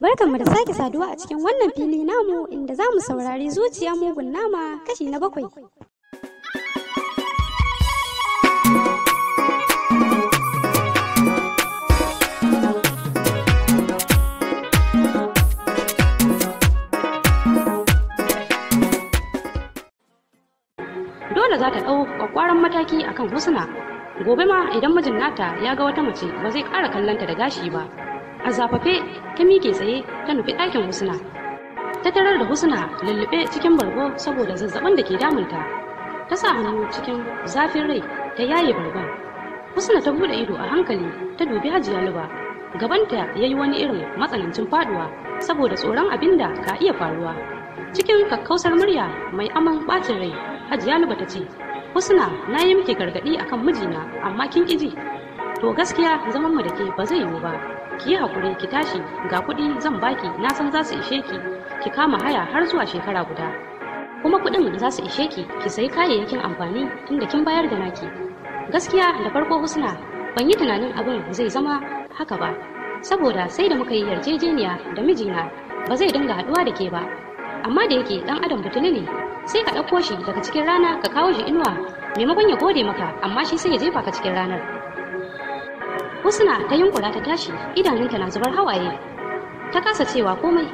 Barkanmu da sake saduwa a cikin wannan fili namu inda za mu saurari zuciya mugun nama kashi na bakwai. Dole za ta ɗau kwakwaran mataki akan Husna. Gobe ma idan mijin nata ya ga wata mace ba zai ƙara kallonta da gashi ba. a zafafe ta miƙe tsaye ta nufi ɗakin husna ta tarar da husna lullube cikin bargo saboda zazzabin da ke damunta ta sa hannu cikin zafin rai ta yaye bargon husna ta buɗe ido a hankali ta dubi hajiya luba gabanta ya yi wani irin matsanancin faduwa saboda tsoron abin da ka iya faruwa cikin kakkausar murya mai aman ɓacin rai hajiya luba ta ce husna na yi miki gargaɗi akan mijina amma kin ƙiji to gaskiya zaman mu da ke ba zai yiwu ba ki yi hakuri ki tashi ga kuɗi zan baki na san za su ishe ki ki kama haya har zuwa shekara guda kuma kuɗin za su ishe ki ki sayi kayayyakin amfani tunda kin bayar da naki gaskiya da farko husna ban yi tunanin abin zai zama haka ba saboda sai da muka yi yarjejeniya da mijina ba zai dinga haɗuwa da ke ba amma da yake ɗan adam butuli ne sai ka ɗauko shi daga cikin rana ka kawo shi inuwa maimakon ya gode maka amma shi sai ya jefa ka cikin ranar husna ta yunkura ta tashi idanunta na zubar hawaye ta kasa cewa komai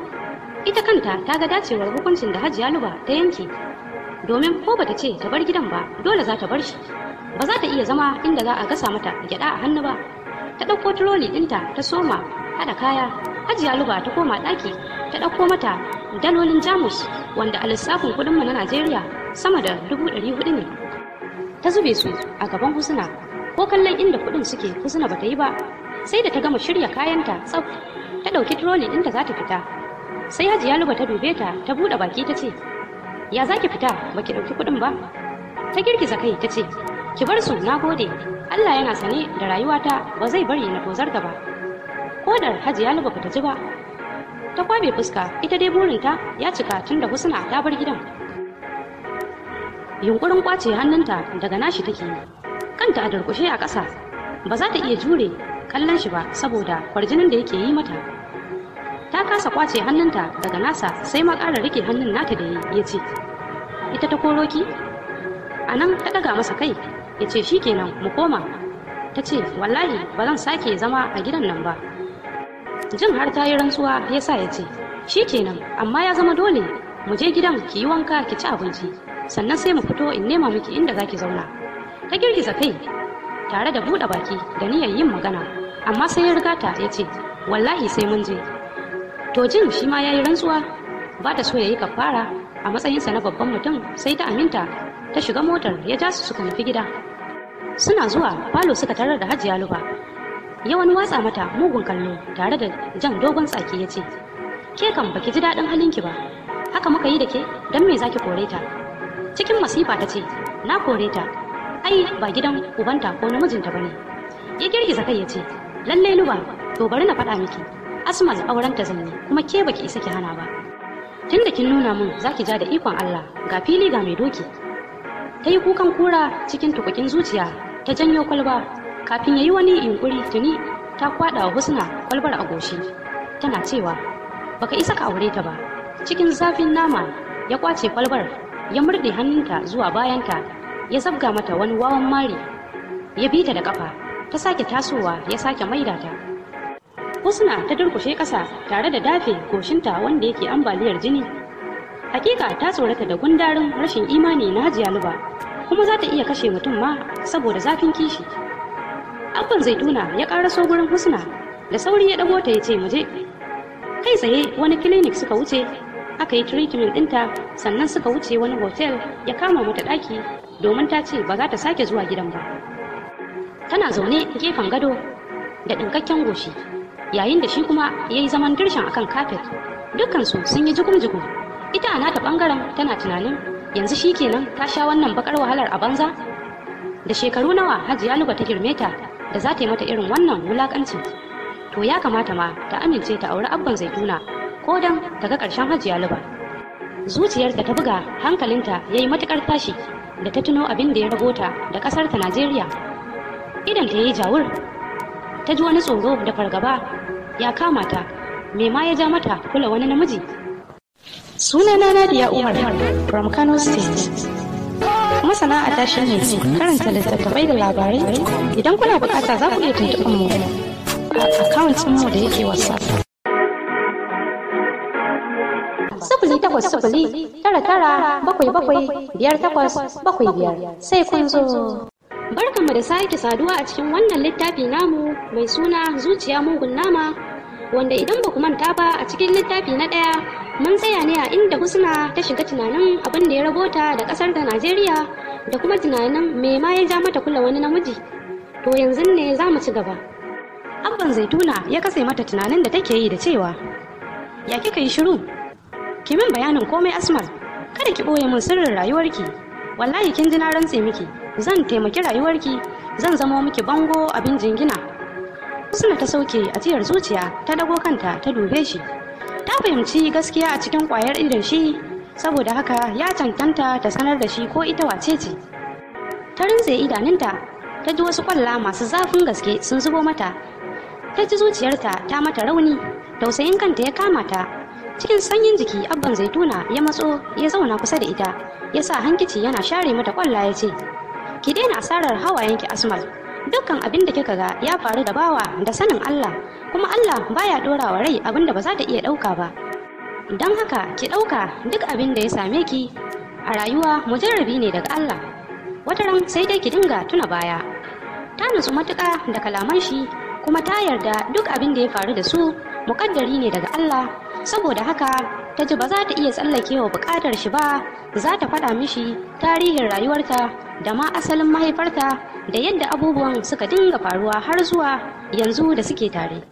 ita kanta ta ga dacewar hukuncin da hajiya luba ta yanke domin ko bata ce ta bar gidan ba dole za ta bar shi ba za ta iya zama inda za a gasa mata gyada a hannu ba ta ɗauko turoli ɗinta ta soma haɗa kaya hajiya luba ta koma ɗaki ta ɗauko mata dalolin jamus wanda a lissafin kuɗinmu na najeriya sama da dubu ɗari hudu ne ta zube su a gaban husna ko kallon inda kuɗin suke kusuna bata yi ba sai da ta gama shirya kayanta tsaf ta ɗauki troli inda za ta fita sai hajiya luba ta dube ta ta buɗe baki ta ce ya za ki fita ba ki ɗauki kuɗin ba ta girgiza kai ta ce ki bar su na gode allah yana sane da rayuwata ba zai bari na tozarta ba kodar hajiya luba bata ji ba ta kwabe fuska ita dai burinta ya cika tun da husna ta bar gidan yunkurin kwace hannunta daga nashi take yi kanta a durkushe a ƙasa ba za ta iya jure kallon shi ba saboda kwarjinin da yake yi mata ta kasa kwace hannunta daga nasa sai ma ƙara rike hannun nata da ya ce ita ta koro ki a nan ta ɗaga masa kai ya ce shi kenan mu koma ta ce wallahi ba zan sake zama a gidan nan ba jin har ta yi rantsuwa ya sa ya ce shi kenan amma ya zama dole mu je gidan ki yi wanka ki ci abinci sannan sai mu fito in nema miki inda zaki zauna ta girgiza kai tare da buɗe baki da niyyar yin magana amma sai ya riga ta ya ce wallahi sai mun je to jin shi ma ya yi rantsuwa ba ta so ya yi kafara a matsayinsa na babban mutum sai ta aminta ta shiga motar ya ja su suka nufi gida suna zuwa falo suka tarar da hajiya luba ya wani watsa mata mugun kallo tare da jan dogon tsaki ya ce ke kan baki ji daɗin ki ba haka muka yi da ke don me zaki kore ta cikin masifa ta ce na kore ta ai ba gidan ubanta ko namijinta bane ya girgiza kai ya ce lalle luba to bari na faɗa miki asma auren aurenta zan yi kuma ke baki isa ki hana ba tun da kin nuna min za ki ja da ikon Allah ga fili ga mai doki ta yi kukan kura cikin tukukin zuciya ta janyo kwalba kafin ya yi wani yunkuri tuni ta kwada wa husna kwalbar a goshi tana cewa baka isa ka aure ta ba cikin zafin nama ya kwace kwalbar ya murɗe hannunta zuwa bayanta ya zabga mata wani wawan mari ya bi ta da kafa ta sake tasowa ya sake maida ta husna ta durkushe ƙasa tare da dafe goshinta wanda yake ambaliyar jini hakika ta tsorata da gundarin rashin imani na hajiya luba kuma za ta iya kashe mutum ma saboda zafin kishi abban zaituna ya karaso gurin husna da sauri ya dago ta ya ce muje kai tsaye wani clinic suka wuce aka yi treatment ɗinta sannan suka wuce wani hotel ya kama mata ɗaki domin ta ce ba za ta sake zuwa gidan ba tana zaune gefen gado da ɗinkakken goshi yayin da shi kuma ya yi zaman dirshan akan kafet dukkansu sun yi jikun-jikun. ita a nata ɓangaren tana tunanin yanzu shi kenan ta sha wannan bakar wahalar a banza da shekaru nawa hajiya luba ta girme ta da za ta yi mata irin wannan wulakancin to ya kamata ma ta amince ta auri abban zaituna ko dan ta ga ƙarshen hajiya luba zuciyarta ta buga hankalinta ya yi matuƙar tashi da ta tuno abin da ya ta da ƙasar ta Najeriya. Idan ta yi jawur, ta ji wani tsoro da fargaba ya kama ta, me ma ya ja mata kula wani namiji. Sunana Nadiya Umar from Kano State. masana'ata shi ne karanta littattafai da labarai idan kuna bukata za ku iya tuntuɓar mu a akawuntsin mu da yake whatsapp takwas sifili tara tara bakwai bakwai biyar takwas bakwai biyar sai kun zo. Barkanmu da sake saduwa a cikin wannan littafi namu mai suna zuciya mugun nama wanda idan ba ku manta ba a cikin littafi na ɗaya mun tsaya ne a inda husna ta shiga tunanin abin da ya rabota da ƙasar da Najeriya da kuma tunanin me ma ya ja mata kula wani namiji to yanzu ne za mu ci gaba. Abban zaituna ya kase mata tunanin da take yi da cewa ya kika yi shiru ki min bayanin komai asmar kada ki boye min sirrin rayuwarki wallahi kin ji na rantse miki zan taimaki rayuwarki zan zamo miki bango abin jingina suna ta sauke a ajiyar zuciya ta dago kanta ta dube shi ta fahimci gaskiya a cikin kwayar idon shi saboda haka ya cancanta ta sanar da shi ko ita wace ce ta rintse idanunta ta ji wasu kwalla masu zafin gaske sun zubo mata ta ji zuciyarta ta mata rauni tausayin kanta ya kama ta cikin sanyin jiki abban zaituna ya matso ya zauna kusa da ita ya sa hankici yana share mata kwalla ya ce ki daina asarar hawayenki asmal dukkan abin da kika ga ya faru da bawa da sanin allah kuma allah baya dora wa rai abin da ba za ta iya dauka ba don haka ki dauka duk abin da ya same ki a rayuwa mujarrabi ne daga allah wata ran sai dai ki dinga tuna baya ta nutsu matuƙa da kalaman shi kuma ta yarda duk abin da ya faru da su muƙaddari ne daga Allah saboda haka ta ji ba za ta iya tsallake wa buƙatar shi ba za ta faɗa mishi tarihin rayuwarta da ma asalin mahaifarta da yadda abubuwan suka dinga faruwa har zuwa yanzu da suke tare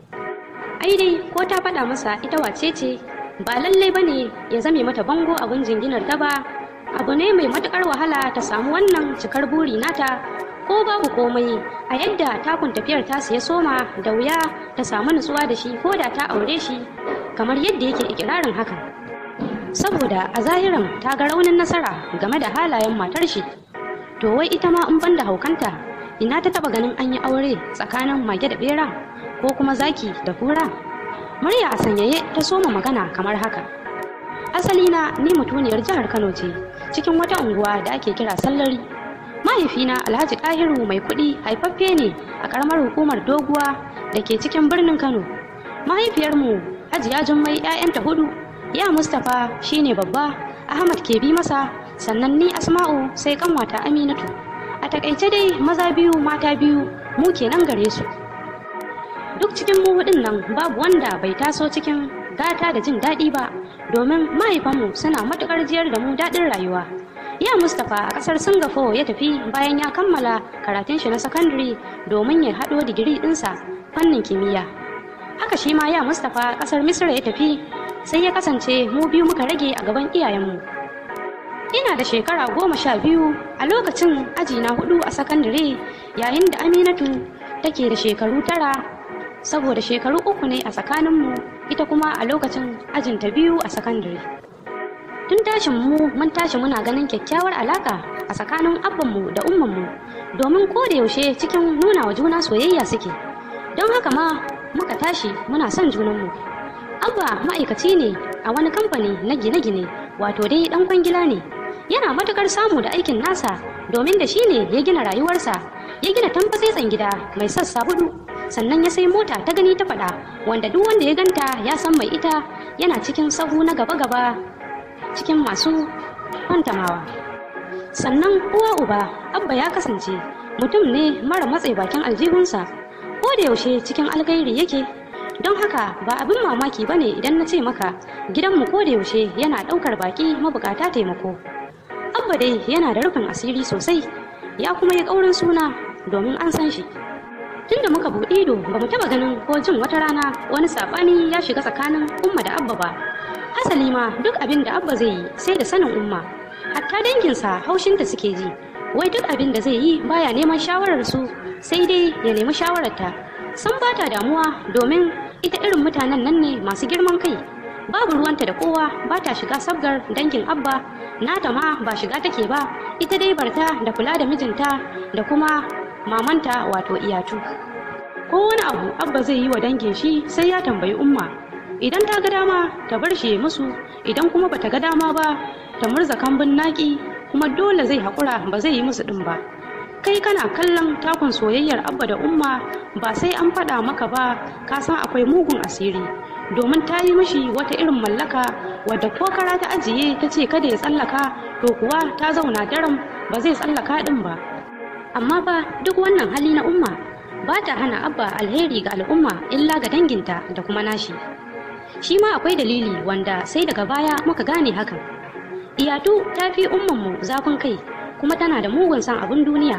ai dai ko ta faɗa masa ita wace ce ba lallai ba ne ya zame mata bango abin jinginar ta ba abu ne mai matuƙar wahala ta samu wannan cikar buri nata ko babu komai a yadda takun tafiyar ta ya soma da wuya ta samu nutsuwa da shi ko da ta aure shi kamar yadda yake ikirarin haka. saboda a zahiran ta ga raunin nasara game da halayen matar shi to wai ita ma in ban da haukanta ina ta taba ganin an yi aure tsakanin mage da bera ko kuma zaki da kura murya a sanyaye ta soma magana kamar haka asali na ni mutuniyar jihar kano ce cikin wata unguwa da ake kira sallari mahaifina alhaji ɗahiru mai kuɗi haifaffe ne a ƙaramar hukumar doguwa da ke cikin birnin kano mahaifiyarmu hajiya jummai 'ya'yanta hudu ya mustapha shine babba ahmad ke bi masa sannan ni asma'u sai kanwata aminatu a takaice dai maza biyu mata biyu mu kenan gare su duk cikin mu hudun nan babu wanda bai taso cikin gata da jin daɗi ba domin mahaifanmu suna matuƙar jiyar da mu daɗin rayuwa Ya Mustapha a kasar Singapore ya tafi bayan ya kammala karatun shi na sakandare domin ya haɗo digiri ɗinsa fannin kimiyya. Haka shi ma ya Mustapha a kasar Misra ya tafi sai ya kasance mu biyu muka rage a gaban iyayenmu. Ina da shekara goma sha biyu a lokacin aji na hudu a sakandare yayin da Aminatu take da shekaru tara saboda shekaru uku ne a tsakaninmu ita kuma a lokacin ajinta biyu a sakandare. tun tashin mu mun tashi muna ganin kyakkyawar alaka a tsakanin abbanmu da ummanmu domin ko da yaushe cikin nuna wa juna soyayya suke don haka ma muka tashi muna son junanmu abba ma'aikaci ne a wani kamfani na gine-gine wato dai dan kwangila ne yana matukar samu da aikin nasa domin da shi ne ya gina rayuwarsa ya gina tsan gida mai sassa hudu sannan ya sai mota ta gani ta faɗa wanda duk wanda ya ganta ya san mai ita yana cikin sahu na gaba-gaba cikin masu kwantamawa sannan uwa uba abba ya kasance mutum ne mara matse bakin aljihunsa ko da yaushe cikin alkhairi yake don haka ba abin mamaki ba ne idan na ce maka gidanmu ko da yaushe yana ɗaukar baki mabukata taimako abba dai yana da rufin asiri sosai ya kuma yi ƙaurin suna domin an san shi tunda muka buɗe ido ba mu taɓa ganin ko jin wata rana wani saɓani ya shiga tsakanin umma da abba ba asali ma duk abin da abba zai yi sai da sanin umma hatta danginsa haushinta suke ji wai duk abin da zai yi baya neman shawarar su sai dai ya nemi shawararta sun ta damuwa domin ita irin mutanen nan ne masu girman kai babu ruwanta da kowa ba ta shiga sabgar dangin abba nata ma ba shiga take ba ita dai barta da kula da mijinta da kuma mamanta wato iyatu ko wani abu abba zai yi wa dangin shi sai ya tambayi umma idan ta ga dama ta bar shi musu idan kuma bata ga dama ba ta murza kambun naki kuma dole zai haƙura ba zai yi musu ɗin ba kai kana kallon takun soyayyar abba da umma ba sai an faɗa maka ba ka san akwai mugun asiri domin ta yi mishi wata irin mallaka wadda ko kara ta ajiye ta ce kada ya tsallaka to kuwa ta zauna daram ba zai tsallaka din ba amma ba, duk wannan hali na umma ba ta hana abba alheri ga al'umma illa ga danginta da kuma nashi shi ma akwai dalili wanda sai daga baya muka gane hakan iyatu ta fi ummanmu zafin kai kuma tana da mugun san abin duniya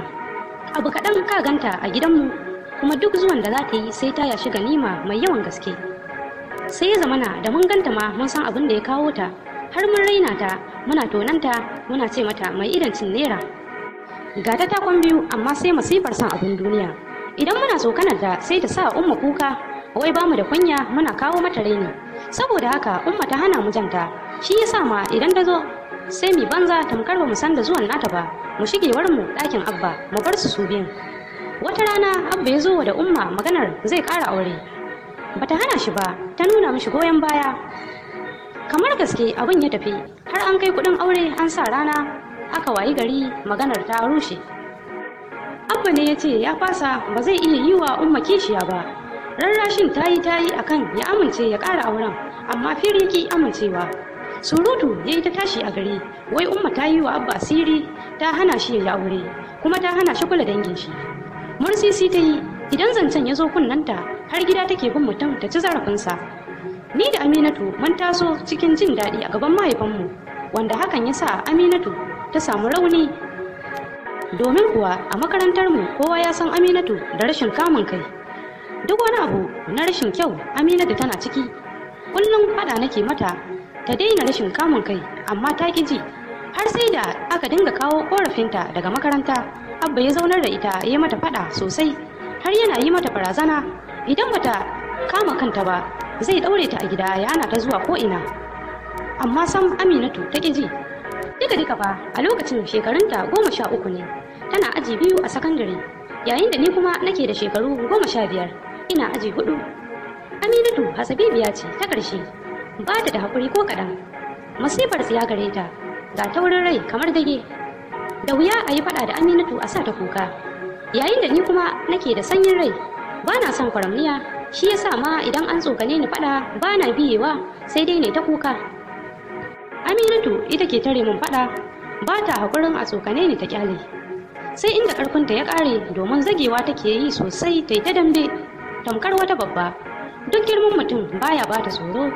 abu kaɗan ka ganta a gidanmu kuma duk zuwan da za ta yi sai ta yashi ganima mai yawan gaske sai ya zamana da mun ganta ma mun san abin da ya kawo ta har mun raina ta muna tonanta muna ce mata mai idancin naira gata ta takon biyu amma sai masifar san abin duniya idan muna tsokanar da sai ta sa umma kuka wai mu da kunya muna kawo mata raini saboda haka umma ta hana mu janta shi yasa ma idan ta zo sai mi banza tamkar ba mu san da zuwan nata ba mu shigewar mu ɗakin abba mu bar su su biyun wata rana abba ya zo da umma maganar zai kara aure Ba ta hana shi ba ta nuna mishi goyon baya kamar gaske abin ya tafi har an kai kuɗin aure an sa rana aka wayi gari maganar ta rushe abba ne ya ce ya fasa ba zai iya yi wa umma kishiya ba rarrashin ta yi ta yi akan ya amince ya ƙara auren amma fir amincewa surutu ya yi ta tashi a gari wai umma ta yi wa abba asiri ta hana shi ya yi aure kuma ta hana shi kula dangin shi mursisi ta yi idan zancen ya zo kunnanta har gida take bin mutum ta ci zarafinsa ni da aminatu mun taso cikin jin daɗi a gaban mahaifinmu, wanda hakan ya sa aminatu ta samu rauni domin kuwa a makarantar mu kowa ya san aminatu da rashin kamun kai duk wani abu na rashin kyau aminatu tana ciki kullum fada nake mata ta daina rashin kamun kai amma ta kiji ji har sai da aka dinga kawo korafinta daga makaranta abba ya zaunar da ita ya mata fada sosai har yana yi mata barazana idan bata kama kanta ba zai daure ta a gida ya ana ta zuwa ko ina amma sam aminatu ta kiji ji Dika duka ba a lokacin shekarunta goma sha uku ne tana aji biyu a sakandare yayin da ni kuma nake da shekaru goma sha biyar ina aji hudu aminatu hasabibiya ce ta ƙarshe ba ta da hakuri ko kaɗan masifar ya gare ta ga taurin rai kamar dage da wuya a yi faɗa da aminatu a sa ta kuka yayin da ni kuma nake da sanyin rai ba na son kwaramniya shi yasa ma idan an tsokane ni faɗa ba na biyewa sai dai ne ta kuka aminatu ita ke tare mun faɗa ba ta haƙurin a tsokane ni ta ƙyale sai inda ƙarfinta ya ƙare domin zagewa take yi sosai ta yi ta dambe tamkar wata babba duk girman mutum baya bata tsoro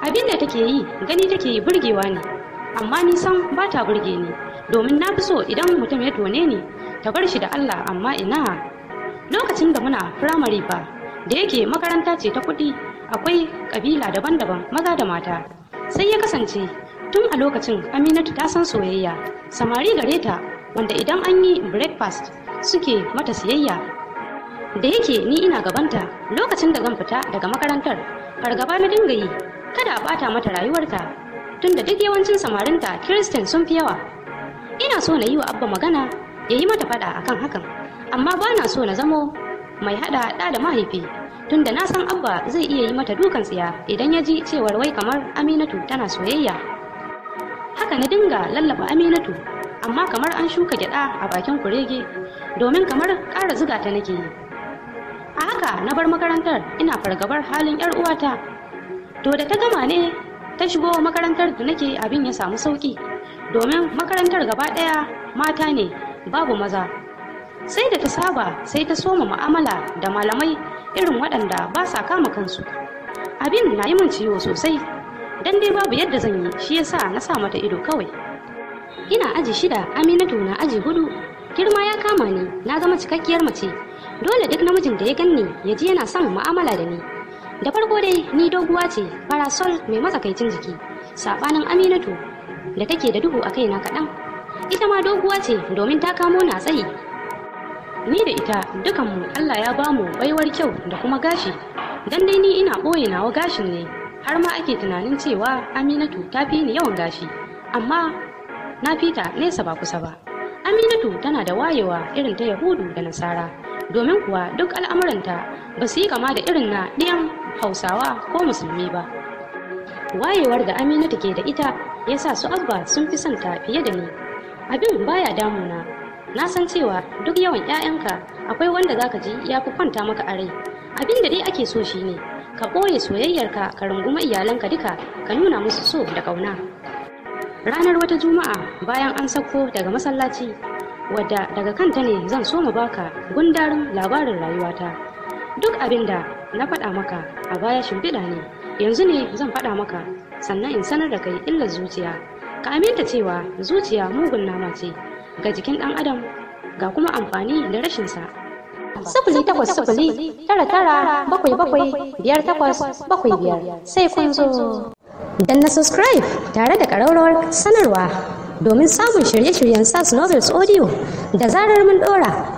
abin da take yi gani take yi burgewa ne amma nisan san ba ta burge ni domin na fi so idan mutum ya tone ni ta bar shi da Allah amma ina lokacin da muna firamare ba da yake makaranta ce ta kuɗi akwai kabila daban-daban maza da mata sai ya kasance tun a lokacin aminatu ta san soyayya samari gare ta wanda idan an yi breakfast suke mata siyayya da yake ni ina gabanta lokacin da zan fita daga makarantar fargaba na dinga yi kada a bata mata rayuwarta tunda duk yawancin samarinta kiristin sun fi yawa ina so na yi wa abba magana ya yi mata fada akan hakan amma ba na so na zamo mai hada da da mahaifi tunda na san abba zai iya yi mata dukan tsiya idan ya ji cewar wai kamar aminatu tana soyayya haka na dinga lallaba aminatu amma kamar an shuka gyada a bakin kurege domin kamar ƙara ziga ta nake yi a haka na bar makarantar ina fargabar halin yar uwata to da ta gama ne ta shigo makarantar da nake abin ya samu sauki domin makarantar gaba daya mata ne babu maza sai da ta saba sai ta soma mu'amala da malamai irin waɗanda ba sa kama kansu abin na yi min ciwo sosai dan dai babu yadda zan yi shi yasa na sa mata ido kawai ina aji shida aminatu na aji hudu girma ya kama ni na zama cikakkiyar mace dole duk namijin da ya ganni ya ji yana son mu'amala da ni da farko dai ni doguwa ce parasol mai matsakaicin jiki sabanin aminatu da take da duhu a kaina kaɗan ita ma doguwa ce domin ta kamo na tsayi ni da ita dukanmu allah ya bamu baiwar kyau da kuma gashi dan dai ni ina ɓoye nawa gashin ne har ma ake tunanin cewa aminatu ta fi ni yawan gashi amma na fita nesa ba kusa ba aminatu tana da wayewa irin ta yahudu da nasara domin kuwa duk al'amuranta ba su yi kama da irin na ɗiyan hausawa ko musulmi ba wayewar da aminatu ke da ita ya sa su abba sun fi son ta fiye da ni abin baya damuna na san cewa duk yawan 'ya'yanka akwai wanda zaka ji ya fi kwanta maka a rai abin da dai ake so shi ne, ka ɓoye soyayyarka ka runguma iyalanka duka ka nuna musu so da ƙauna ranar wata juma'a bayan an sauko daga masallaci wadda daga kanta ne zan so mu baka gundarin labarin rayuwata duk abin da na faɗa maka a baya shimfiɗa ne yanzu ne zan faɗa maka sannan in sanar da kai illar zuciya ka aminta cewa zuciya mugun nama ce ga jikin ɗan adam ga kuma amfani da rashinsa sifili takwas sifili tara tara bakwai bakwai biyar takwas bakwai biyar sai kun zo dan na subscribe tare da ƙararrawar sanarwa domin samun shirye-shiryen SAS Novels Audio da zarar mun ɗora